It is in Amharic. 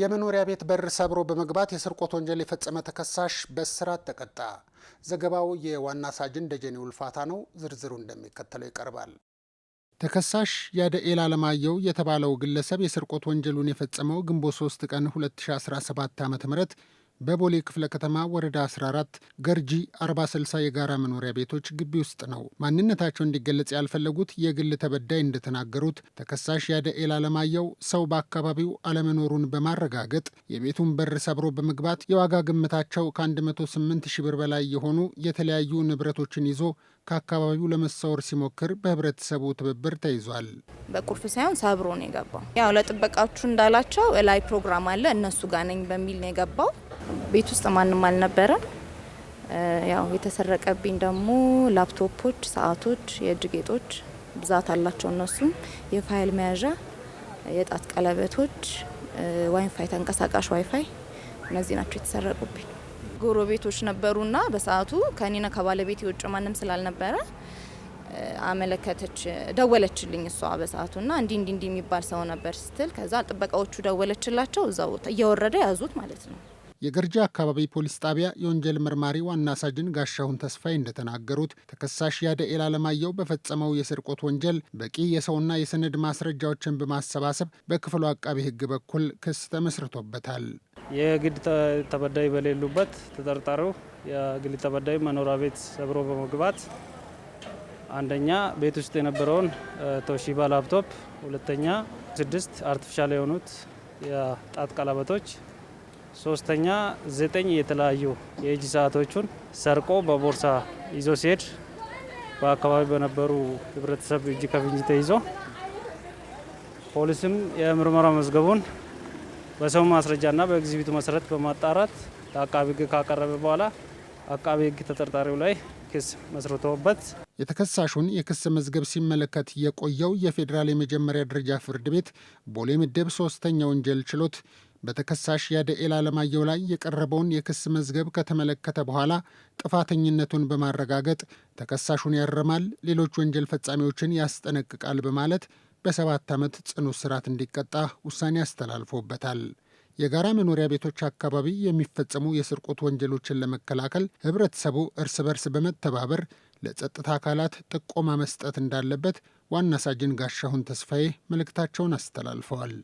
የመኖሪያ ቤት በር ሰብሮ በመግባት የስርቆት ወንጀል የፈጸመ ተከሳሽ በእስራት ተቀጣ። ዘገባው የዋና ሳጅን ደጀኔ ውልፋታ ነው። ዝርዝሩ እንደሚከተለው ይቀርባል። ተከሳሽ ያደኤል አለማየሁ የተባለው ግለሰብ የስርቆት ወንጀሉን የፈጸመው ግንቦት 3 ቀን 2017 ም በቦሌ ክፍለ ከተማ ወረዳ 14 ገርጂ 460 የጋራ መኖሪያ ቤቶች ግቢ ውስጥ ነው። ማንነታቸው እንዲገለጽ ያልፈለጉት የግል ተበዳይ እንደተናገሩት ተከሳሽ ያደኤል አለማየው ሰው በአካባቢው አለመኖሩን በማረጋገጥ የቤቱን በር ሰብሮ በመግባት የዋጋ ግምታቸው ከ108 ሺ ብር በላይ የሆኑ የተለያዩ ንብረቶችን ይዞ ከአካባቢው ለመሰወር ሲሞክር በህብረተሰቡ ትብብር ተይዟል። በቁልፍ ሳይሆን ሰብሮ ነው የገባው። ያው ለጥበቃችሁ እንዳላቸው ላይ ፕሮግራም አለ እነሱ ጋር ነኝ በሚል ነው የገባው ቤት ውስጥ ማንም አልነበረም። ያው የተሰረቀብኝ ደግሞ ላፕቶፖች፣ ሰዓቶች፣ የእጅ ጌጦች ብዛት አላቸው። እነሱም የፋይል መያዣ፣ የጣት ቀለበቶች፣ ዋይፋይ፣ ተንቀሳቃሽ ዋይፋይ እነዚህ ናቸው የተሰረቁብኝ። ጎረቤቶች ነበሩና በሰዓቱ ከኔና ከባለቤት የውጭ ማንም ስላልነበረ አመለከተች፣ ደወለችልኝ እሷ በሰዓቱ ና እንዲህ እንዲህ እንዲህ የሚባል ሰው ነበር ስትል፣ ከዛ ጥበቃዎቹ ደወለችላቸው፣ እዛው እየወረደ ያዙት ማለት ነው። የገርጂ አካባቢ ፖሊስ ጣቢያ የወንጀል መርማሪ ዋና ሳጅን ጋሻሁን ተስፋይ እንደተናገሩት ተከሳሽ ያደኤል አለማየሁ በፈጸመው የስርቆት ወንጀል በቂ የሰውና የሰነድ ማስረጃዎችን በማሰባሰብ በክፍሉ አቃቢ ሕግ በኩል ክስ ተመስርቶበታል። የግድ ተበዳይ በሌሉበት ተጠርጣሪው የግል ተበዳይ መኖሪያ ቤት ሰብሮ በመግባት አንደኛ ቤት ውስጥ የነበረውን ቶሺባ ላፕቶፕ፣ ሁለተኛ ስድስት አርቲፊሻል የሆኑት የጣት ቀለበቶች ሶስተኛ ዘጠኝ የተለያዩ የእጅ ሰዓቶቹን ሰርቆ በቦርሳ ይዞ ሲሄድ በአካባቢ በነበሩ ህብረተሰብ እጅ ከፍንጅ ተይዞ ፖሊስም የምርመራ መዝገቡን በሰው ማስረጃና በኤግዚቢቱ መሰረት በማጣራት ለአቃቢ ህግ ካቀረበ በኋላ አቃቢ ህግ ተጠርጣሪው ላይ ክስ መስርቶበት የተከሳሹን የክስ መዝገብ ሲመለከት የቆየው የፌዴራል የመጀመሪያ ደረጃ ፍርድ ቤት ቦሌ ምድብ ሶስተኛ ወንጀል ችሎት በተከሳሽ ያደኤል አለማየሁ ላይ የቀረበውን የክስ መዝገብ ከተመለከተ በኋላ ጥፋተኝነቱን በማረጋገጥ ተከሳሹን ያርማል፣ ሌሎች ወንጀል ፈጻሚዎችን ያስጠነቅቃል በማለት በሰባት ዓመት ጽኑ እስራት እንዲቀጣ ውሳኔ አስተላልፎበታል። የጋራ መኖሪያ ቤቶች አካባቢ የሚፈጸሙ የስርቆት ወንጀሎችን ለመከላከል ህብረተሰቡ እርስ በርስ በመተባበር ለጸጥታ አካላት ጥቆማ መስጠት እንዳለበት ዋና ሳጅን ጋሻሁን ተስፋዬ መልእክታቸውን አስተላልፈዋል።